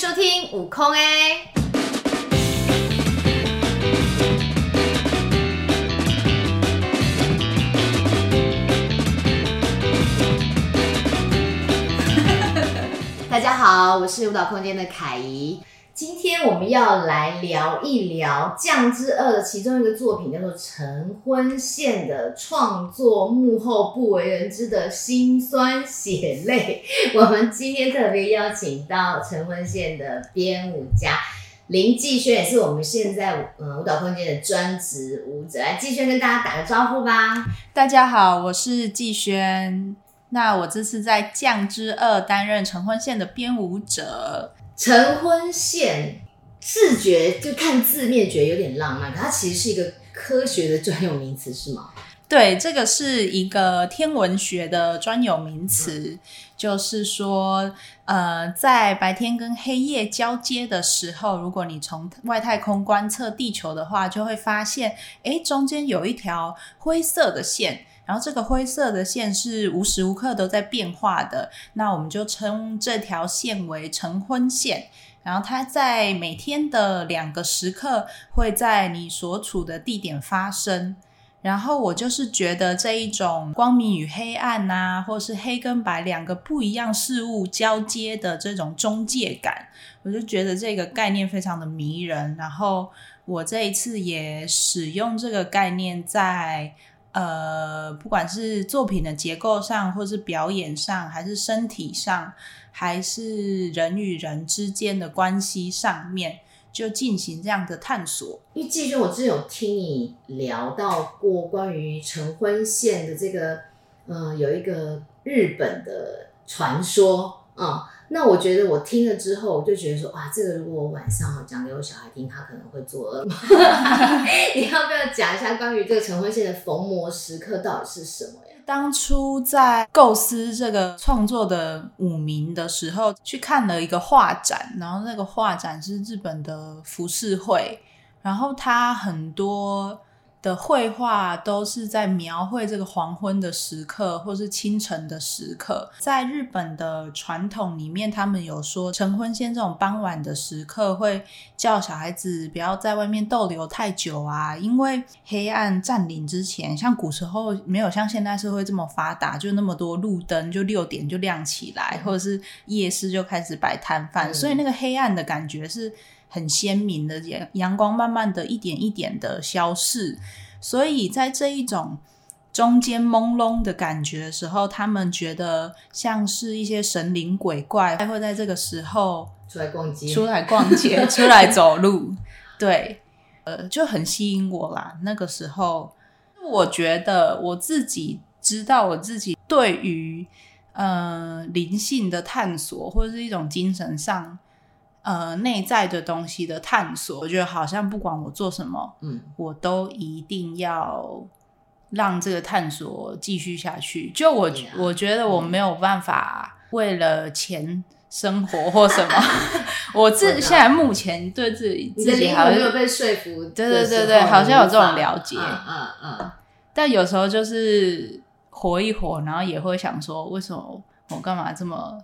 收聽悟空，哎、欸 大家好，我是舞蹈空間的凱怡。今天我們要來聊一聊《勥之二》的其中一個作品，叫做《晨昏線》的創作幕後不為人知的辛酸血淚。 我們今天特別邀請到《晨昏線》的編舞家林季萱，也是我們現在呃舞蹈空間的專職舞者。來，季萱跟大家打個招呼吧。大家好，我是季萱。那我這次在《勥之二》擔任《晨昏線》的編舞者。晨昏線，自覺，就看字面覺得有點浪漫，它其實是一個科學的專有名詞，是嗎？對，這個是一個天文學的專有名詞，嗯、就是說，呃，在白天跟黑夜交接的時候，如果你從外太空觀測地球的話，就會發現，哎，中間有一條灰色的線。然後這個灰色的線是無時無刻都在變化的，那我們就稱這條線為晨昏線。然後它在每天的兩個時刻會在你所處的地點發生。然後我就是覺得這一種光明與黑暗啊，或是黑跟白兩個不一樣事物交接的這種中介感，我就覺得這個概念非常的迷人。然後我這一次也使用這個概念在。呃，不管是作品的結構上，或是表演上，還是身體上，還是人與人之間的關係上面，就進行這樣的探索。因為季萱，我之前有聽你聊到過關於《晨昏線》的這個，嗯、呃，有一個日本的傳說。嗯、哦，那我覺得我聽了之後，我就覺得說，哇，這個如果我晚上講給我小孩聽，他可能會做噩夢。 你要不要講一下關於這個晨昏線的逢魔時刻到底是什麼呀？當初在構思這個創作的五名的時候，去看了一個畫展，然後那個畫展是日本的浮世繪，然後它很多。的繪畫都是在描繪這個黃昏的時刻，或是清晨的時刻。在日本的傳統裡面，他們有說，晨昏線這種傍晚的時刻，會叫小孩子不要在外面逗留太久啊，因為黑暗占領之前，像古時候沒有像現代社會這麼發達，就那麼多路燈，就六點就亮起來，嗯，或者是夜市就開始擺攤販，嗯，所以那個黑暗的感覺是。很鮮明的陽陽光，慢慢的一點一點的消逝，所以在這一種中間朦朧的感覺的時候，他們覺得像是一些神靈鬼怪會在這個時候出來逛街，出來逛街， 出來走路，對，呃，就很吸引我啦。那個時候，我覺得我自己知道我自己對於呃靈性的探索，或者是一種精神上。呃，內在的東西的探索，我覺得好像不管我做什麼，嗯，我都一定要讓這個探索繼續下去。就我，yeah. 我覺得我沒有辦法為了錢生活或什麼。 我自 現在目前對自己， 自己 自己 自己好像有，有被說服，對對對對，對， 好像有這種了解，嗯嗯，嗯。但有時候就是活一活，然後也會想說，為什麼？我幹嘛這麼？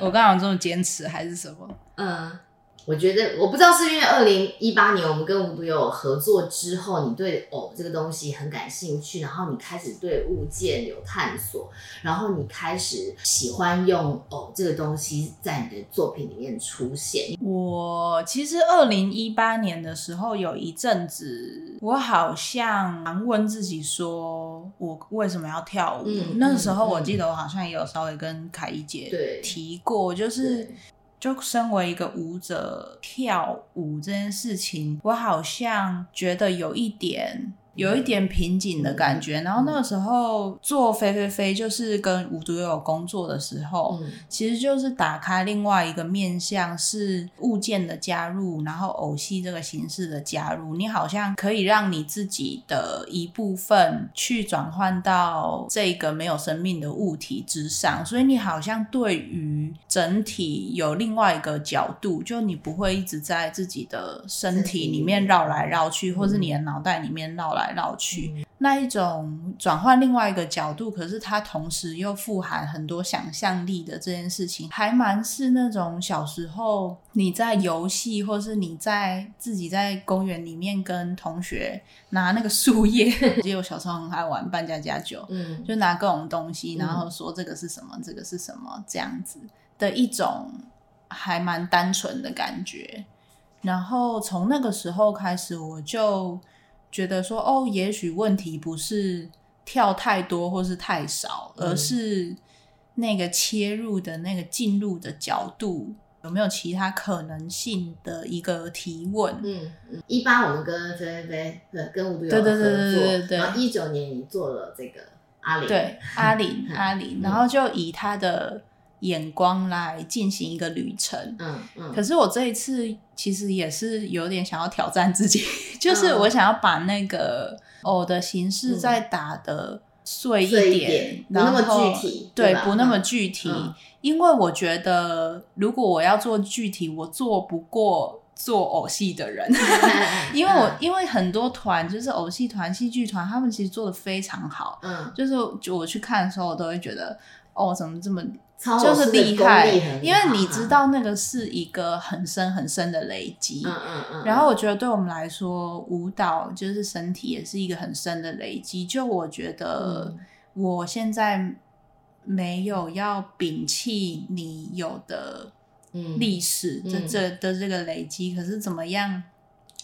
我幹嘛這麼堅持還是什麼？ 嗯。我覺得我不知道是因為二零一八年我們跟無獨有偶合作之後，你對偶這個東西很感興趣，然後你開始對物件有探索，然後你開始喜歡用偶這個東西在你的作品裡面出現。我其實二零一八年的時候有一陣子，我好像問自己說我為什麼要跳舞？嗯、那時候我記得我好像也有稍微跟凱怡姐提過，對就是。就身為一個舞者，跳舞這件事情，我好像覺得有一點。有一點瓶頸的感覺，嗯、然後那個時候做飛飛飛，就是跟無獨有偶工作的時候，嗯，其實就是打開另外一個面向，是物件的加入，然後偶戲這個形式的加入，你好像可以讓你自己的一部分去轉換到這個沒有生命的物體之上，所以你好像對於整體有另外一個角度，就你不會一直在自己的身體裡面繞來繞去，嗯、或是你的腦袋裡面繞來。繞、嗯、去那一種轉換另外一個角度，可是它同時又富含很多想象力的這件事情，還蠻是那種小時候你在遊戲，或是你在自己在公園裡面跟同學拿那個樹葉， 結果我小時候很愛玩扮家家酒、嗯，就拿各種東西，然後說這個是什麼，嗯、這個是什麼這樣子的一種還蠻單純的感覺。然後從那個時候開始，我就。覺得說哦，也許問題不是跳太多或是太少，而是那個切入的那個進入的角度有沒有其他可能性的一個提問。嗯嗯，一八我們跟對對對跟五度有合作對對對對一九年你做了這個阿裡對,、嗯、對阿里阿里、嗯嗯，然後就以他的。眼光來進行一個旅程，嗯嗯。可是我這一次其實也是有點想要挑戰自己，嗯、 就是我想要把那個偶、嗯哦、的形式再打得碎一點，碎一點，然後不那麼具體，對，對，不那麼具體、嗯。因為我覺得如果我要做具體，我做不過做偶戲的人，嗯、 因為我、嗯、因為很多團就是偶戲團、戲劇團，他們其實做得非常好，嗯，就是就我去看的時候，我都會覺得哦，怎麼這麼。超厲害就是厲害，因為你知道那個是一個很深很深的累積。嗯嗯嗯。然後我覺得對我們來說，舞蹈就是身體也是一個很深的累積。就我覺得我現在沒有要摒棄你有的歷史，嗯嗯、這這的這個累積，可是怎麼樣？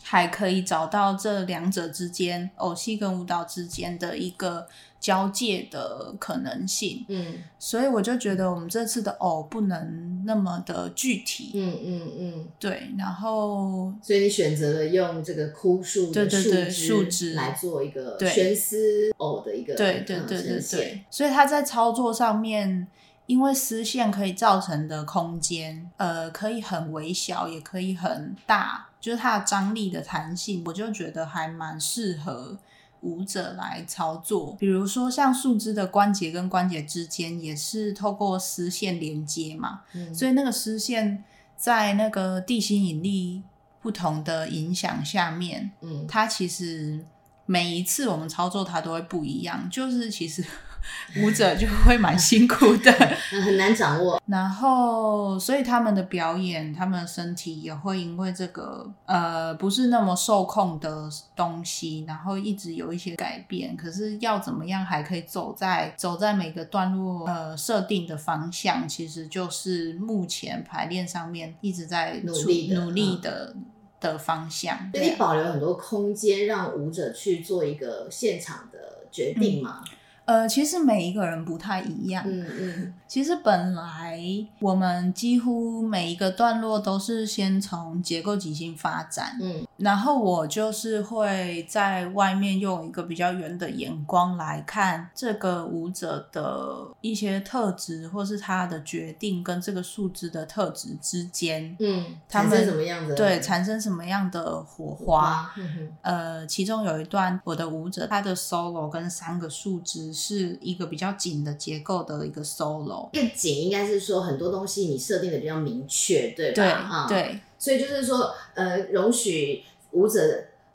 還可以找到這兩者之間，偶戲跟舞蹈之間的一個交界的可能性。嗯，所以我就覺得我們這次的偶不能那麼的具體。嗯嗯嗯，對。然後，所以你選擇了用這個枯樹，對對對，樹枝，來做一個懸絲偶的一個對、嗯、對、對、對、對、對、對對對對。所以它在操作上面，因為絲線可以造成的空間，呃，可以很微小，也可以很大。就是它的張力的彈性，我就覺得還蠻適合舞者來操作。比如說像樹枝的關節跟關節之間也是透過絲線連接嘛，嗯，所以那個絲線在那個地心引力不同的影響下面，嗯，它其實每一次我們操作它都會不一樣，就是其實。 舞者就會蠻辛苦的， 很難掌握。然後，所以他們的表演，他們的身體也會因為這個呃不是那麼受控的東西，然後一直有一些改變。可是要怎麼樣還可以走在走在每個段落呃設定的方向，其實就是目前排練上面一直在努力努力的努力的，努力的，、嗯、的方向，所以你保留很多空間讓舞者去做一個現場的決定嘛。嗯呃，其實每一個人不太一樣。嗯嗯。其實本來我們幾乎每一個段落都是先從結構即興發展。嗯。然後我就是會在外面用一個比較遠的眼光來看這個舞者的一些特質，或是他的決定跟這個樹枝的特質之間，嗯，他們，怎麼樣，對，產生什麼樣的火花，火花。嗯哼。呃，其中有一段我的舞者他的 solo 跟三個樹枝。是一個比較緊的結構的一個 solo，一個緊應該是說很多東西你設定的比較明確，對吧？對，對、嗯，所以就是說，呃，容許舞者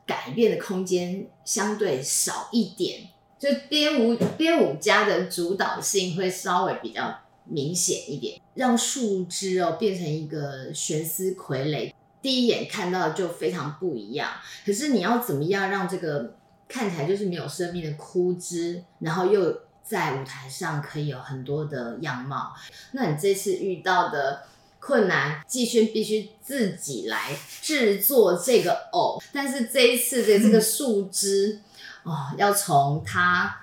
改變的空間相對少一點，就編舞編舞家的主導性會稍微比較明顯一點，讓樹枝哦變成一個懸絲傀儡，第一眼看到就非常不一樣。可是你要怎麼樣讓這個？看起來就是沒有生命的枯枝，然後又在舞台上可以有很多的樣貌。那你這次遇到的困難，季萱必須自己來制作這個偶，但是這一次的這個樹枝，哦，要從它。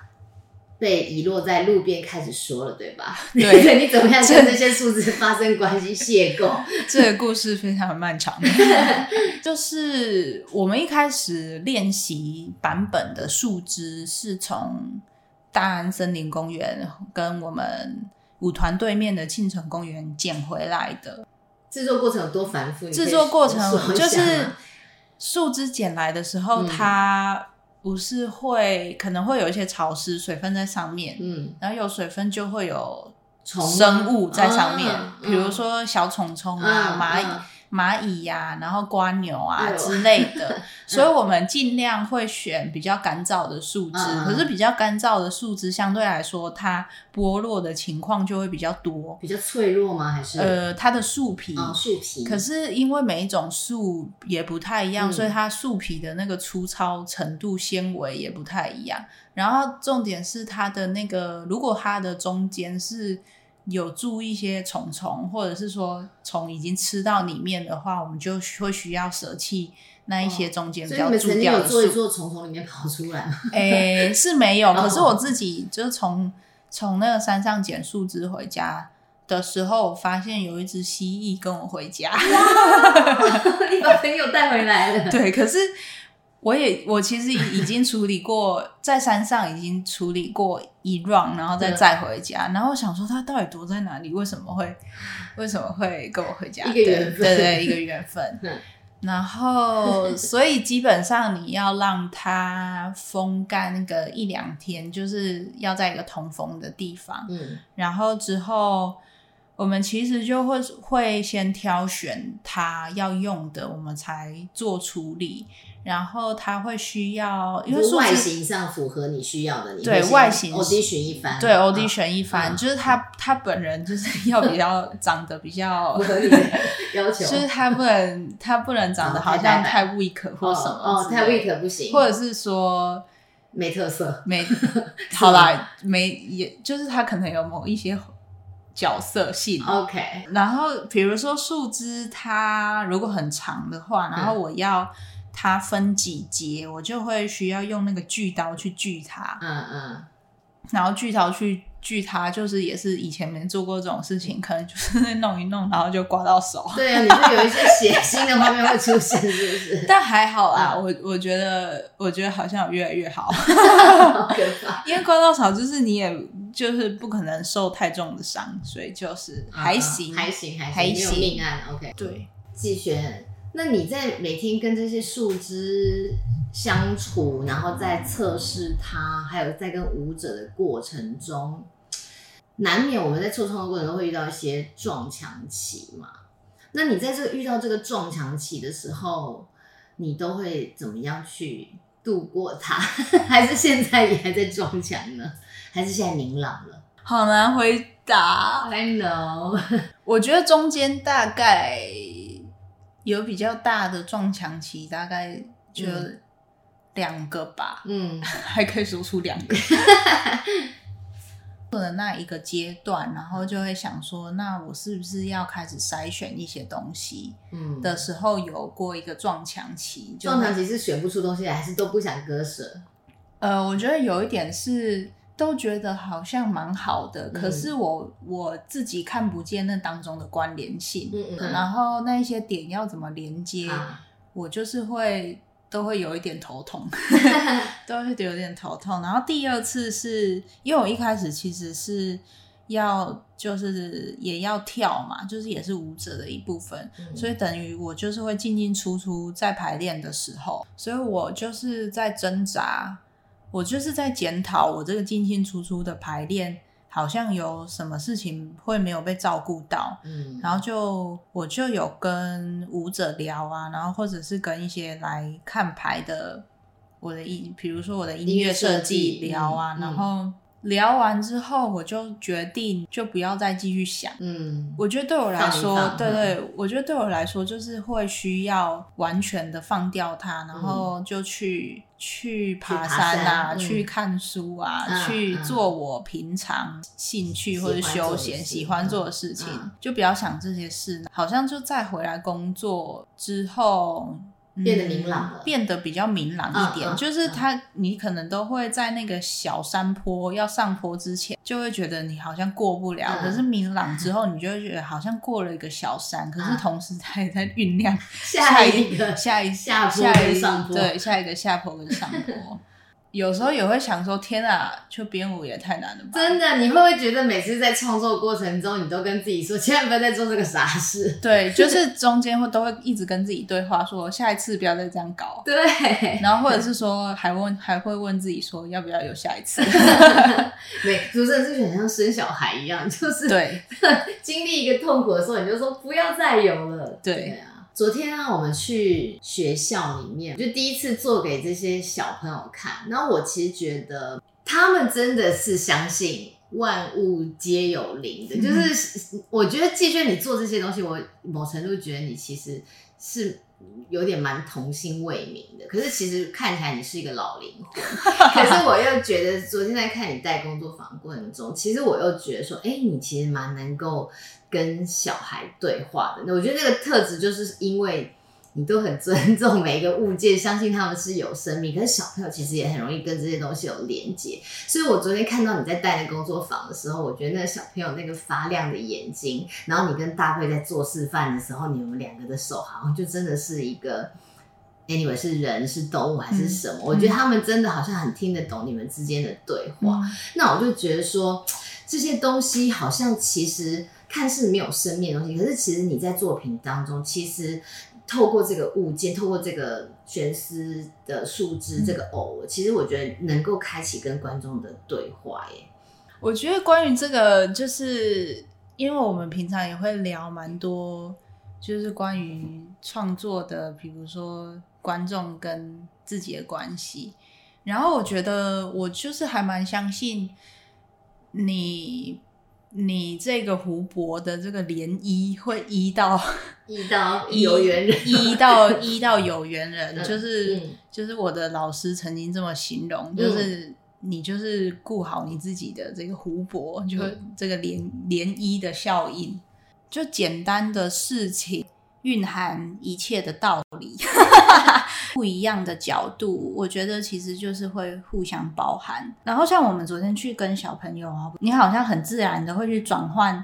被遺落在路邊，開始說了，對吧？對， 你怎麼樣跟這些樹枝發生關係卸？邂逅，這個故事非常漫長。 就是我們一開始練習版本的樹枝，是從大安森林公園跟我們舞團對面的慶城公園撿回來的。制作過程有多繁複？制作過程就是樹枝撿來的時候，嗯、它。不是會可能會有一些潮濕水分在上面，嗯，然後有水分就會有生物在上面，嗯、比如說小蟲蟲啊、嗯、螞蟻、螞蟻呀、啊，然後蝸牛啊之類的。 所以我們儘量會選比較乾燥的樹枝，嗯，可是比較乾燥的樹枝相對來說，它剝落的情況就會比較多，比較脆弱嗎？還是呃，它的樹皮，哦，樹皮。可是因為每一種樹也不太一樣，嗯，所以它樹皮的那個粗糙程度、纖維也不太一樣。然後重點是它的那個，如果它的中間是有住一些蟲蟲，或者是說蟲已經吃到裡面的話，我們就會需要捨棄。那一些中間比較蛀掉的，的、哦、所以每做一做，從從裡面跑出來。哎、欸，是沒有，可是我自己就是從從那個山上撿樹枝回家的時候，發現有一隻蜥蜴跟我回家。啊、 你把朋友帶回來了。對，可是我也我其實已經處理過，在山上已經處理過一 round，然後再再回家。然後我想說它到底躲在哪裡？為什麼會為什麼會跟我回家？一個緣分，對對，一個緣分。 然後，所以基本上你要讓它風乾那個一兩天，就是要在一個通風的地方。嗯，然後之後。我們其實就會會先挑選他要用的，我們才做處理。然後他會需要，因為外形上符合你需要的，對外形。audition 一番，對 audition 一番，就是他、嗯、他本人就是要比較 長得比較合理要求， 就是他不能他不能長得好像太 weak 或什麼哦太 weak 不行，或者是說沒特色沒好啦，沒，也就是他可能有某一些。角色性。OK，然後比如說樹枝，它如果很長的話，然後我要它分幾節，嗯、我就會需要用那個鋸刀去鋸它。嗯嗯。然後鋸刀去鋸它，就是也是以前沒做過這種事情，嗯，可能就是弄一弄，然後就刮到手。對啊， 你會有一些血腥的畫面會出現， 是不是？但還好啊，嗯、我我覺得，我覺得好像有越來越好。 好可怕。因為刮到手就是你也。就是不可能受太重的傷，所以就是還行，uh-huh, 還行，還行，還行，沒有命案。OK，對，季萱，那你在每天跟這些樹枝相處，然後在測試它，還有在跟舞者的過程中，難免我們在做創作的過程中會遇到一些撞牆期嘛？那你在這遇到這個撞牆期的時候，你都會怎麼樣去度過它？ 還是現在也還在撞牆呢？還是現在明朗了，好難回答。Hello，我覺得中間大概有比較大的撞牆期，大概就兩個吧。嗯，還可以說出兩個。做 的那一個階段，然後就會想說，那我是不是要開始篩選一些東西？嗯，的時候有過一個撞牆期，撞牆期，嗯，撞牆期是選不出東西，還是都不想割舍？呃，我覺得有一點是。都覺得好像蠻好的，可是我、嗯、我自己看不見那當中的關聯性，嗯嗯、啊，然後那些點要怎麼連接，啊、我就是會都會有一點頭痛， 都會有點頭痛。然後第二次是，因為我一開始其實是要就是也要跳嘛，就是也是舞者的一部分，嗯、所以等於我就是會進進出出在排練的時候，所以我就是在掙扎。我就是在檢討我這個進進出出的排練，好像有什麼事情會沒有被照顧到，嗯，然後就我就有跟舞者聊啊，然後或者是跟一些來看排的我的音，比如說我的音樂設計聊啊，嗯，然後。嗯聊完之後，我就決定就不要再繼續想。嗯，我覺得對我來說，對對，對、嗯，我覺得對我來說就是會需要完全的放掉它，嗯，然後就去去爬山啊，去，去看書啊、嗯，去做我平常興趣或者休閒喜歡做的事情，嗯，就不要想這些事。好像就再回來工作之後。嗯、變得明朗了，變得比較明朗一點，嗯、就是它，嗯，你可能都會在那個小山坡、嗯、要上坡之前，就會覺得你好像過不了。嗯、可是明朗之後，你就會覺得好像過了一個小山，嗯、可是同時他也在醞釀下一個下一下下一個、下一個下一個下坡上坡下一個，對，下一個下坡跟上坡。 有時候也會想說，天啊，去編舞也太難了吧！真的，你會不會覺得每次在創作過程中，你都跟自己說，千萬不要再做這個傻事？對，就是中間會都會一直跟自己對話說，說 下一次不要再這樣搞。對。然後或者是說，還問，還會問自己說，要不要有下一次？每 主持人是不是很像生小孩一樣，就是對經歷一個痛苦的時候，你就說不要再有了。對。對啊。昨天呢、啊，我們去學校裡面，就第一次做給這些小朋友看。然後我其實覺得他們真的是相信萬物皆有靈的，就是我覺得季萱你做這些東西，我某程度覺得你其實是有點蠻童心未泯的。可是其實看起來你是一個老靈。 可是我又覺得，昨天在看你帶工作坊過程中，其實我又覺得說，哎、欸，你其實蠻能夠跟小孩對話的。那我覺得那個特質，就是因為你都很尊重每一個物件，相信他們是有生命。可是小朋友其實也很容易跟這些東西有連接。所以我昨天看到你在帶那工作坊的時候，我覺得那個小朋友那個發亮的眼睛，然後你跟大貴在做示範的時候，你們兩個的手好像就真的是一個。a、anyway, n 是人是動物還是什麼？嗯。我覺得他們真的好像很聽得懂你們之間的對話。嗯。那我就覺得說這些東西好像其實看似沒有生命的東西，可是其實你在作品當中，其實透過這個物件，透過這個懸絲的樹枝，這個偶，其實我覺得能夠開啟跟觀眾的對話耶。我覺得關於這個，就是因為我們平常也會聊蠻多，就是關於創作的，嗯，比如說。觀眾跟自己的關係，然後我覺得我就是還蠻相信你，你這個湖泊的這個漣漪會溢到溢到有緣人，溢到溢到有緣人，到到有緣人 就是就是我的老師曾經這麼形容，就是你就是顧好你自己的這個湖泊，嗯、就這個漣漣漪的效應，就簡單的事情。蘊含一切的道理， 不一樣的角度，我覺得其實就是會互相包含。然後像我們昨天去跟小朋友啊，你好像很自然的會去轉換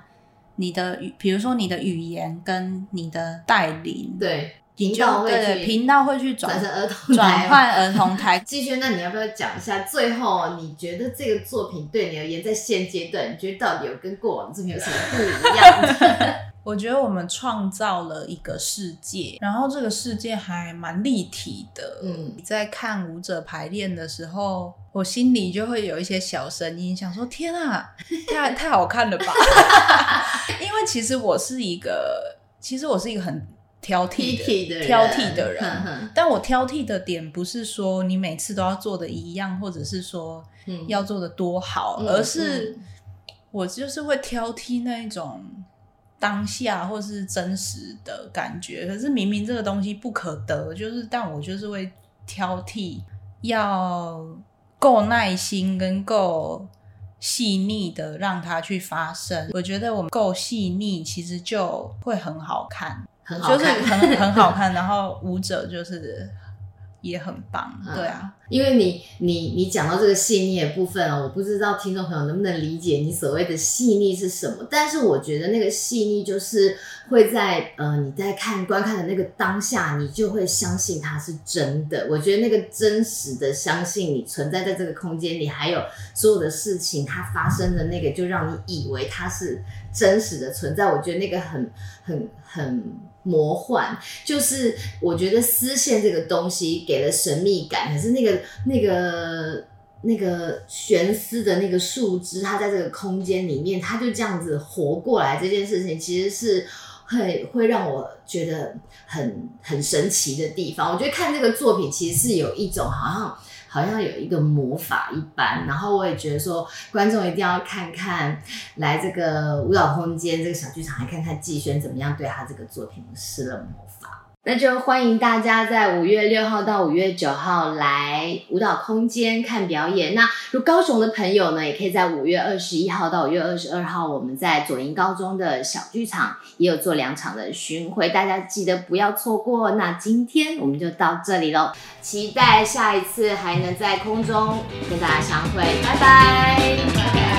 你的，比如說你的語言跟你的帶領，對，引導會頻道會去轉換兒，兒童台，轉換兒童台。季萱，那你要不要講一下？最後你覺得這個作品對你而言，在現階段，你覺得到底有跟過往作品有什麼不一樣的？ 我覺得我們創造了一個世界，然後這個世界還蠻立體的。嗯，你在看舞者排練的時候，我心裡就會有一些小聲音，想說：“天啊，太 太好看了吧！” 因為其實我是一個，其實我是一個很挑剔的，的挑剔的人、嗯嗯，但我挑剔的點不是說你每次都要做的一樣，或者是說要做的多好，嗯、而是、嗯、我就是會挑剔那一種。當下或是真實的感覺，可是明明這個東西不可得，就是但我就是會挑剔，要夠耐心跟夠細膩的讓它去發生、嗯。我覺得我們夠細膩，其實就會很好看，就是很很好看。就是、好看 然後舞者就是。也很棒、啊，對啊，因為你你你講到這個細膩的部分啊，我不知道聽眾朋友能不能理解你所謂的細膩是什麼，但是我覺得那個細膩就是會在呃你在看觀看的那個當下，你就會相信它是真的。我覺得那個真實的相信你存在在這個空間裡，還有所有的事情它發生的那個，就讓你以為它是真實的存在。我覺得那個很很很。很魔幻就是我覺得絲線這個東西給了神祕感，可是那個那個那個懸絲的那個樹枝，它在這個空間裡面，它就這樣子活過來這件事情，其實是會會讓我覺得很很神奇的地方。我覺得看這個作品其實是有一種好像。好像有一個魔法一般，然後我也覺得說，觀眾一定要看看，來這個舞蹈空間這個小劇場來看看季萱怎麼樣對他這個作品施了魔法。那就歡迎大家在五月六號到五月九號來舞蹈空間看表演。那如高雄的朋友呢，也可以在五月二十一號到五月二十二號，我們在左營高中的小劇場也有做兩場的巡迴，大家記得不要錯過。那今天我們就到這裡嘍，期待下一次還能在空中跟大家相會，拜拜。